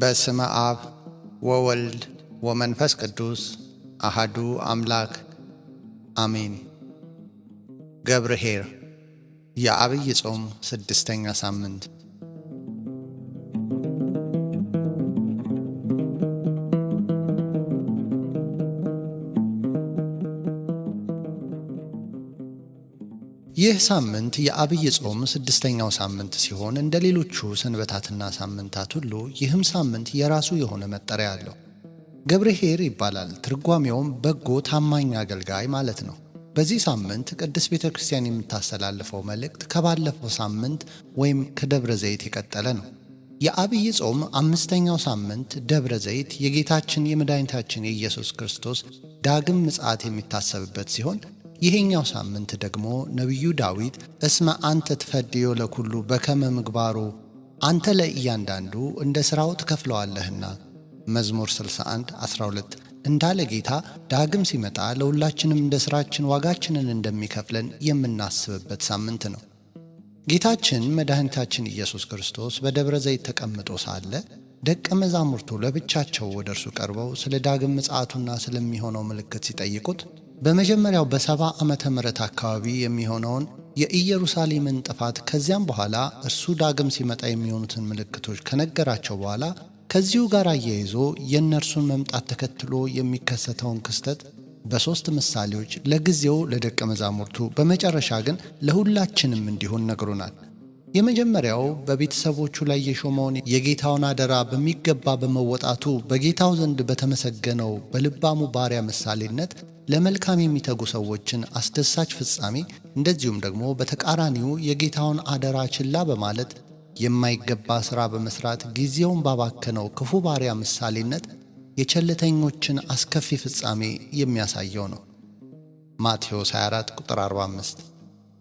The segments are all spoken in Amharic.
በስመ አብ ወወልድ ወመንፈስ ቅዱስ አሃዱ አምላክ አሜን። ገብርሄር የዐቢይ ጾም ስድስተኛ ሳምንት ይህ ሳምንት የአብይ ጾም ስድስተኛው ሳምንት ሲሆን እንደ ሌሎቹ ሰንበታትና ሳምንታት ሁሉ ይህም ሳምንት የራሱ የሆነ መጠሪያ አለው። ገብርሄር ይባላል። ትርጓሜውም በጎ ታማኝ አገልጋይ ማለት ነው። በዚህ ሳምንት ቅድስት ቤተ ክርስቲያን የምታስተላልፈው መልእክት ከባለፈው ሳምንት ወይም ከደብረ ዘይት የቀጠለ ነው። የአብይ ጾም አምስተኛው ሳምንት ደብረ ዘይት የጌታችን የመድኃኒታችን የኢየሱስ ክርስቶስ ዳግም ምጽአት የሚታሰብበት ሲሆን ይሄኛው ሳምንት ደግሞ ነቢዩ ዳዊት እስመ አንተ ትፈድዮ ለኩሉ በከመ ምግባሩ አንተ ለእያንዳንዱ እንደ ሥራው ትከፍለዋለህና መዝሙር 61 12 እንዳለ ጌታ ዳግም ሲመጣ ለሁላችንም እንደ ሥራችን ዋጋችንን እንደሚከፍለን የምናስብበት ሳምንት ነው። ጌታችን መድኃኒታችን ኢየሱስ ክርስቶስ በደብረ ዘይት ተቀምጦ ሳለ ደቀ መዛሙርቱ ለብቻቸው ወደ እርሱ ቀርበው ስለ ዳግም ምጽአቱና ስለሚሆነው ምልክት ሲጠይቁት በመጀመሪያው በሰባ ዓመተ ምረት አካባቢ የሚሆነውን የኢየሩሳሌምን ጥፋት ከዚያም በኋላ እርሱ ዳግም ሲመጣ የሚሆኑትን ምልክቶች ከነገራቸው በኋላ ከዚሁ ጋር አያይዞ የእነርሱን መምጣት ተከትሎ የሚከሰተውን ክስተት በሦስት ምሳሌዎች ለጊዜው ለደቀ መዛሙርቱ በመጨረሻ ግን ለሁላችንም እንዲሆን ነግሮናል። የመጀመሪያው በቤተሰቦቹ ላይ የሾመውን የጌታውን አደራ በሚገባ በመወጣቱ በጌታው ዘንድ በተመሰገነው በልባሙ ባሪያ ምሳሌነት ለመልካም የሚተጉ ሰዎችን አስደሳች ፍጻሜ እንደዚሁም ደግሞ በተቃራኒው የጌታውን አደራ ችላ በማለት የማይገባ ሥራ በመሥራት ጊዜውን ባባከነው ክፉ ባሪያ ምሳሌነት የቸልተኞችን አስከፊ ፍጻሜ የሚያሳየው ነው። ማቴዎስ 24 ቁጥር 45።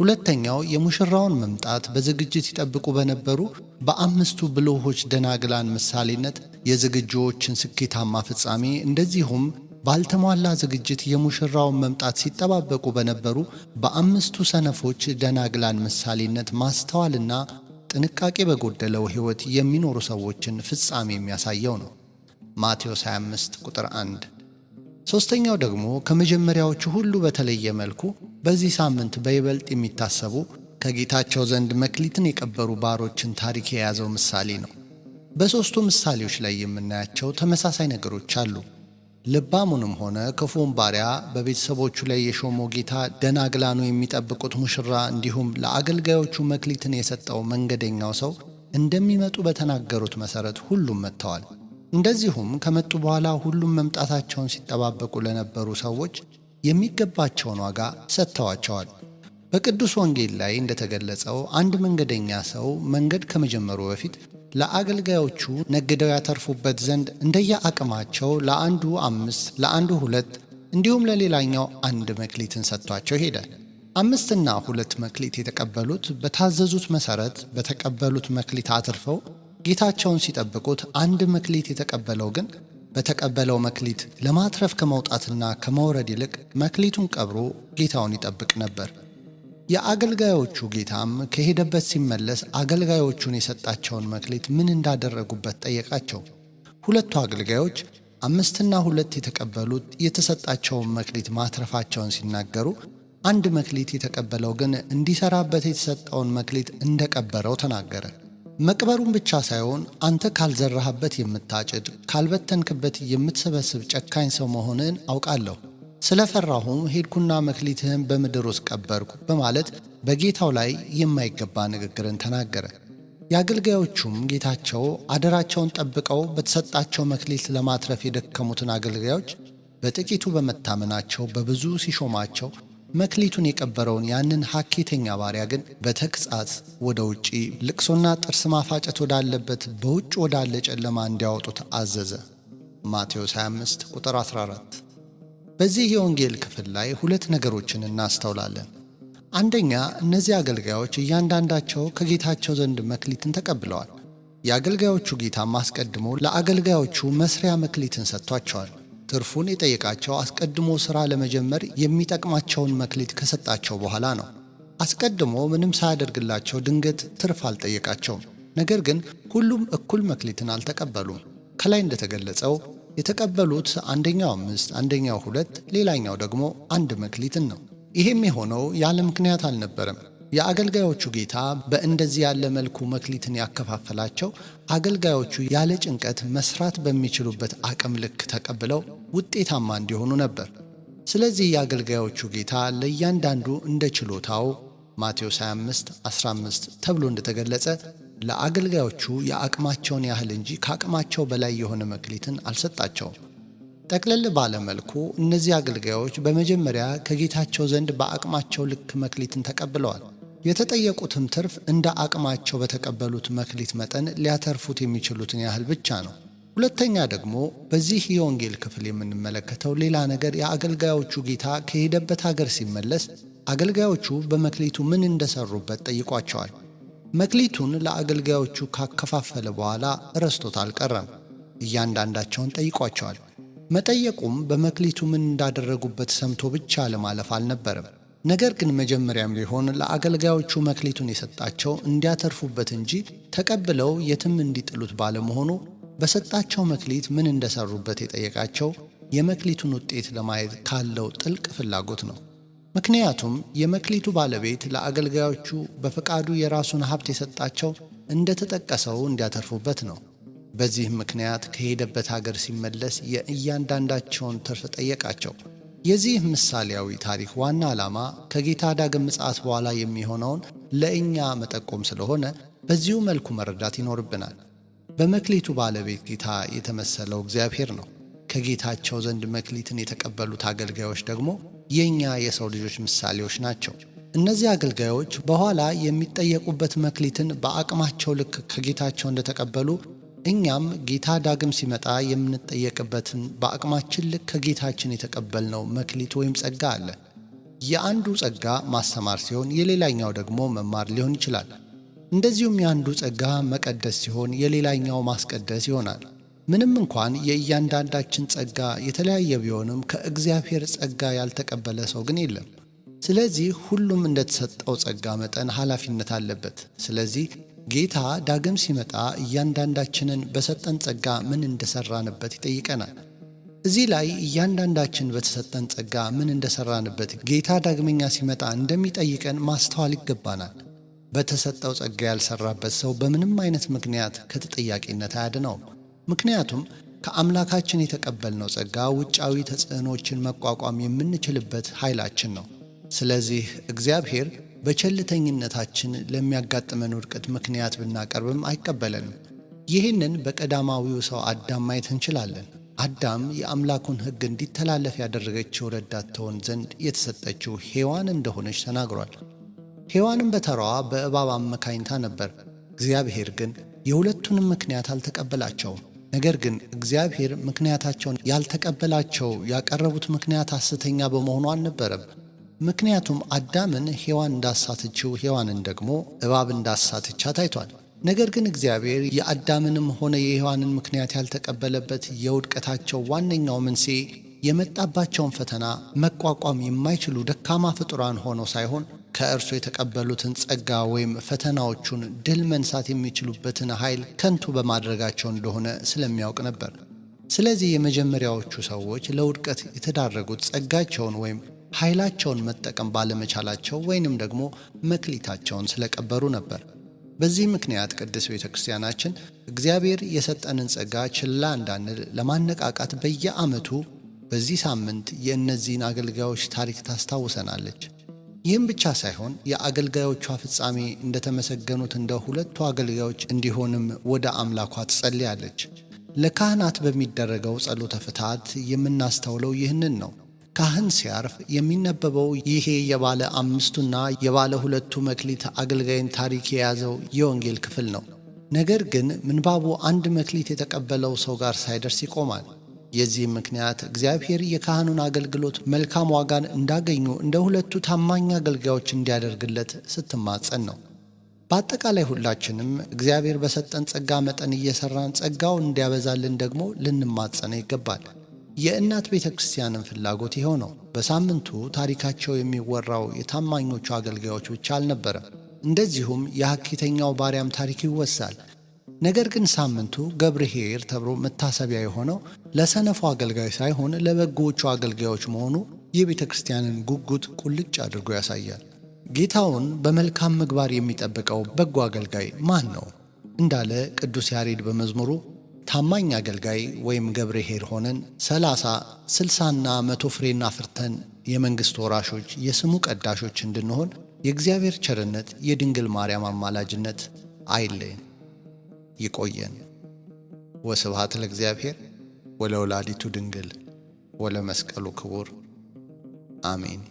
ሁለተኛው የሙሽራውን መምጣት በዝግጅት ይጠብቁ በነበሩ በአምስቱ ብልሆች ደናግላን ምሳሌነት የዝግጅዎችን ስኬታማ ፍጻሜ እንደዚሁም ባልተሟላ ዝግጅት የሙሽራውን መምጣት ሲጠባበቁ በነበሩ በአምስቱ ሰነፎች ደናግላን ምሳሌነት ማስተዋልና ጥንቃቄ በጎደለው ሕይወት የሚኖሩ ሰዎችን ፍጻሜ የሚያሳየው ነው። ማቴዎስ 25 ቁጥር 1። ሦስተኛው ደግሞ ከመጀመሪያዎቹ ሁሉ በተለየ መልኩ በዚህ ሳምንት በይበልጥ የሚታሰቡ ከጌታቸው ዘንድ መክሊትን የቀበሩ ባሮችን ታሪክ የያዘው ምሳሌ ነው። በሦስቱ ምሳሌዎች ላይ የምናያቸው ተመሳሳይ ነገሮች አሉ። ልባሙንም ሆነ ክፉውን ባሪያ በቤተሰቦቹ ላይ የሾሞ ጌታ ደናግላኑ የሚጠብቁት ሙሽራ እንዲሁም ለአገልጋዮቹ መክሊትን የሰጠው መንገደኛው ሰው እንደሚመጡ በተናገሩት መሠረት ሁሉም መጥተዋል። እንደዚሁም ከመጡ በኋላ ሁሉም መምጣታቸውን ሲጠባበቁ ለነበሩ ሰዎች የሚገባቸውን ዋጋ ሰጥተዋቸዋል። በቅዱስ ወንጌል ላይ እንደተገለጸው አንድ መንገደኛ ሰው መንገድ ከመጀመሩ በፊት ለአገልጋዮቹ ነግደው ያተርፉበት ዘንድ እንደየ አቅማቸው ለአንዱ አምስት፣ ለአንዱ ሁለት እንዲሁም ለሌላኛው አንድ መክሊትን ሰጥቷቸው ሄደ። አምስትና ሁለት መክሊት የተቀበሉት በታዘዙት መሠረት በተቀበሉት መክሊት አትርፈው ጌታቸውን ሲጠብቁት፣ አንድ መክሊት የተቀበለው ግን በተቀበለው መክሊት ለማትረፍ ከመውጣትና ከመውረድ ይልቅ መክሊቱን ቀብሮ ጌታውን ይጠብቅ ነበር። የአገልጋዮቹ ጌታም ከሄደበት ሲመለስ አገልጋዮቹን የሰጣቸውን መክሊት ምን እንዳደረጉበት ጠየቃቸው። ሁለቱ አገልጋዮች አምስትና ሁለት የተቀበሉት የተሰጣቸውን መክሊት ማትረፋቸውን ሲናገሩ፣ አንድ መክሊት የተቀበለው ግን እንዲሰራበት የተሰጠውን መክሊት እንደቀበረው ተናገረ። መቅበሩን ብቻ ሳይሆን አንተ ካልዘራህበት የምታጭድ ካልበተንክበት የምትሰበስብ ጨካኝ ሰው መሆንን አውቃለሁ ስለፈራሁም ሄድኩና መክሊትህን በምድር ውስጥ ቀበርኩ በማለት በጌታው ላይ የማይገባ ንግግርን ተናገረ። የአገልጋዮቹም ጌታቸው አደራቸውን ጠብቀው በተሰጣቸው መክሊት ለማትረፍ የደከሙትን አገልጋዮች በጥቂቱ በመታመናቸው በብዙ ሲሾማቸው መክሊቱን የቀበረውን ያንን ሐኬተኛ ባሪያ ግን በተግሣጽ ወደ ውጪ ልቅሶና ጥርስ ማፋጨት ወዳለበት በውጭ ወዳለ ጨለማ እንዲያወጡት አዘዘ። ማቴዎስ 25 ቁጥር 14 በዚህ የወንጌል ክፍል ላይ ሁለት ነገሮችን እናስተውላለን። አንደኛ እነዚህ አገልጋዮች እያንዳንዳቸው ከጌታቸው ዘንድ መክሊትን ተቀብለዋል። የአገልጋዮቹ ጌታም አስቀድሞ ለአገልጋዮቹ መስሪያ መክሊትን ሰጥቷቸዋል። ትርፉን የጠየቃቸው አስቀድሞ ሥራ ለመጀመር የሚጠቅማቸውን መክሊት ከሰጣቸው በኋላ ነው። አስቀድሞ ምንም ሳያደርግላቸው ድንገት ትርፍ አልጠየቃቸውም። ነገር ግን ሁሉም እኩል መክሊትን አልተቀበሉም። ከላይ እንደተገለጸው የተቀበሉት አንደኛው አምስት፣ አንደኛው ሁለት፣ ሌላኛው ደግሞ አንድ መክሊትን ነው። ይህም የሆነው ያለ ምክንያት አልነበረም። የአገልጋዮቹ ጌታ በእንደዚህ ያለ መልኩ መክሊትን ያከፋፈላቸው አገልጋዮቹ ያለ ጭንቀት መስራት በሚችሉበት አቅም ልክ ተቀብለው ውጤታማ እንዲሆኑ ነበር። ስለዚህ የአገልጋዮቹ ጌታ ለእያንዳንዱ እንደ ችሎታው ማቴዎስ 25 15 ተብሎ እንደተገለጸ ለአገልጋዮቹ የአቅማቸውን ያህል እንጂ ከአቅማቸው በላይ የሆነ መክሊትን አልሰጣቸውም። ጠቅለል ባለመልኩ እነዚህ አገልጋዮች በመጀመሪያ ከጌታቸው ዘንድ በአቅማቸው ልክ መክሊትን ተቀብለዋል። የተጠየቁትም ትርፍ እንደ አቅማቸው በተቀበሉት መክሊት መጠን ሊያተርፉት የሚችሉትን ያህል ብቻ ነው። ሁለተኛ ደግሞ በዚህ የወንጌል ክፍል የምንመለከተው ሌላ ነገር የአገልጋዮቹ ጌታ ከሄደበት አገር ሲመለስ አገልጋዮቹ በመክሊቱ ምን እንደሰሩበት ጠይቋቸዋል። መክሊቱን ለአገልጋዮቹ ካከፋፈለ በኋላ ረስቶት አልቀረም። እያንዳንዳቸውን ጠይቋቸዋል። መጠየቁም በመክሊቱ ምን እንዳደረጉበት ሰምቶ ብቻ ለማለፍ አልነበረም። ነገር ግን መጀመሪያም ቢሆን ለአገልጋዮቹ መክሊቱን የሰጣቸው እንዲያተርፉበት እንጂ ተቀብለው የትም እንዲጥሉት ባለመሆኑ በሰጣቸው መክሊት ምን እንደሰሩበት የጠየቃቸው የመክሊቱን ውጤት ለማየት ካለው ጥልቅ ፍላጎት ነው። ምክንያቱም የመክሊቱ ባለቤት ለአገልጋዮቹ በፈቃዱ የራሱን ሀብት የሰጣቸው እንደተጠቀሰው እንዲያተርፉበት ነው። በዚህም ምክንያት ከሄደበት ሀገር ሲመለስ የእያንዳንዳቸውን ትርፍ ጠየቃቸው። የዚህ ምሳሌያዊ ታሪክ ዋና ዓላማ ከጌታ ዳግም ምጽአት በኋላ የሚሆነውን ለእኛ መጠቆም ስለሆነ በዚሁ መልኩ መረዳት ይኖርብናል። በመክሊቱ ባለቤት ጌታ የተመሰለው እግዚአብሔር ነው። ከጌታቸው ዘንድ መክሊትን የተቀበሉት አገልጋዮች ደግሞ የእኛ የሰው ልጆች ምሳሌዎች ናቸው። እነዚህ አገልጋዮች በኋላ የሚጠየቁበት መክሊትን በአቅማቸው ልክ ከጌታቸው እንደተቀበሉ እኛም ጌታ ዳግም ሲመጣ የምንጠየቅበትን በአቅማችን ልክ ከጌታችን የተቀበልነው መክሊት ወይም ጸጋ አለ። የአንዱ ጸጋ ማስተማር ሲሆን የሌላኛው ደግሞ መማር ሊሆን ይችላል። እንደዚሁም የአንዱ ጸጋ መቀደስ ሲሆን የሌላኛው ማስቀደስ ይሆናል። ምንም እንኳን የእያንዳንዳችን ጸጋ የተለያየ ቢሆንም ከእግዚአብሔር ጸጋ ያልተቀበለ ሰው ግን የለም። ስለዚህ ሁሉም እንደተሰጠው ጸጋ መጠን ኃላፊነት አለበት። ስለዚህ ጌታ ዳግም ሲመጣ እያንዳንዳችንን በሰጠን ጸጋ ምን እንደሰራንበት ይጠይቀናል። እዚህ ላይ እያንዳንዳችን በተሰጠን ጸጋ ምን እንደሰራንበት ጌታ ዳግመኛ ሲመጣ እንደሚጠይቀን ማስተዋል ይገባናል። በተሰጠው ጸጋ ያልሰራበት ሰው በምንም አይነት ምክንያት ከተጠያቂነት አያድነውም። ምክንያቱም ከአምላካችን የተቀበልነው ጸጋ ውጫዊ ተጽዕኖችን መቋቋም የምንችልበት ኃይላችን ነው። ስለዚህ እግዚአብሔር በቸልተኝነታችን ለሚያጋጥመን ውድቀት ምክንያት ብናቀርብም አይቀበለንም። ይህንን በቀዳማዊው ሰው አዳም ማየት እንችላለን። አዳም የአምላኩን ሕግ እንዲተላለፍ ያደረገችው ረዳት ትሆን ዘንድ የተሰጠችው ሔዋን እንደሆነች ተናግሯል። ሔዋንም በተራዋ በእባብ አመካኝታ ነበር። እግዚአብሔር ግን የሁለቱንም ምክንያት አልተቀበላቸውም። ነገር ግን እግዚአብሔር ምክንያታቸውን ያልተቀበላቸው ያቀረቡት ምክንያት ሐሰተኛ በመሆኑ አልነበረም። ምክንያቱም አዳምን ሔዋን እንዳሳተችው ሔዋንን ደግሞ እባብ እንዳሳተቻ ታይቷል። ነገር ግን እግዚአብሔር የአዳምንም ሆነ የሔዋንን ምክንያት ያልተቀበለበት የውድቀታቸው ዋነኛው መንስኤ የመጣባቸውን ፈተና መቋቋም የማይችሉ ደካማ ፍጡራን ሆነው ሳይሆን ከእርሱ የተቀበሉትን ጸጋ ወይም ፈተናዎቹን ድል መንሳት የሚችሉበትን ኃይል ከንቱ በማድረጋቸው እንደሆነ ስለሚያውቅ ነበር። ስለዚህ የመጀመሪያዎቹ ሰዎች ለውድቀት የተዳረጉት ጸጋቸውን ወይም ኃይላቸውን መጠቀም ባለመቻላቸው ወይንም ደግሞ መክሊታቸውን ስለቀበሩ ነበር። በዚህ ምክንያት ቅድስት ቤተ ክርስቲያናችን እግዚአብሔር የሰጠንን ጸጋ ችላ እንዳንል ለማነቃቃት በየዓመቱ በዚህ ሳምንት የእነዚህን አገልጋዮች ታሪክ ታስታውሰናለች። ይህም ብቻ ሳይሆን የአገልጋዮቿ ፍጻሜ እንደተመሰገኑት እንደ ሁለቱ አገልጋዮች እንዲሆንም ወደ አምላኳ ትጸልያለች። ለካህናት በሚደረገው ጸሎተ ፍትሐት የምናስተውለው ይህንን ነው። ካህን ሲያርፍ የሚነበበው ይሄ የባለ አምስቱና የባለ ሁለቱ መክሊት አገልጋይን ታሪክ የያዘው የወንጌል ክፍል ነው። ነገር ግን ምንባቡ አንድ መክሊት የተቀበለው ሰው ጋር ሳይደርስ ይቆማል። የዚህም ምክንያት እግዚአብሔር የካህኑን አገልግሎት መልካም ዋጋን እንዳገኙ እንደ ሁለቱ ታማኝ አገልጋዮች እንዲያደርግለት ስትማጸን ነው። በአጠቃላይ ሁላችንም እግዚአብሔር በሰጠን ጸጋ መጠን እየሰራን ጸጋው እንዲያበዛልን ደግሞ ልንማጸነ ይገባል። የእናት ቤተ ክርስቲያንን ፍላጎት ይኸው ነው። በሳምንቱ ታሪካቸው የሚወራው የታማኞቹ አገልጋዮች ብቻ አልነበረም። እንደዚሁም የሐኪተኛው ባሪያም ታሪክ ይወሳል። ነገር ግን ሳምንቱ ገብርሄር ተብሎ መታሰቢያ የሆነው ለሰነፉ አገልጋይ ሳይሆን ለበጎዎቹ አገልጋዮች መሆኑ የቤተ ክርስቲያንን ጉጉት ቁልጭ አድርጎ ያሳያል። ጌታውን በመልካም ምግባር የሚጠብቀው በጎ አገልጋይ ማን ነው እንዳለ ቅዱስ ያሬድ በመዝሙሩ ታማኝ አገልጋይ ወይም ገብርሄር ሆነን ሰላሳ ስልሳና መቶ ፍሬና ፍርተን የመንግሥት ወራሾች የስሙ ቀዳሾች እንድንሆን የእግዚአብሔር ቸርነት የድንግል ማርያም አማላጅነት አይለይን። ይቆየን። ወስብሐት ለእግዚአብሔር ወለወላዲቱ ድንግል ወለመስቀሉ ክቡር አሜን።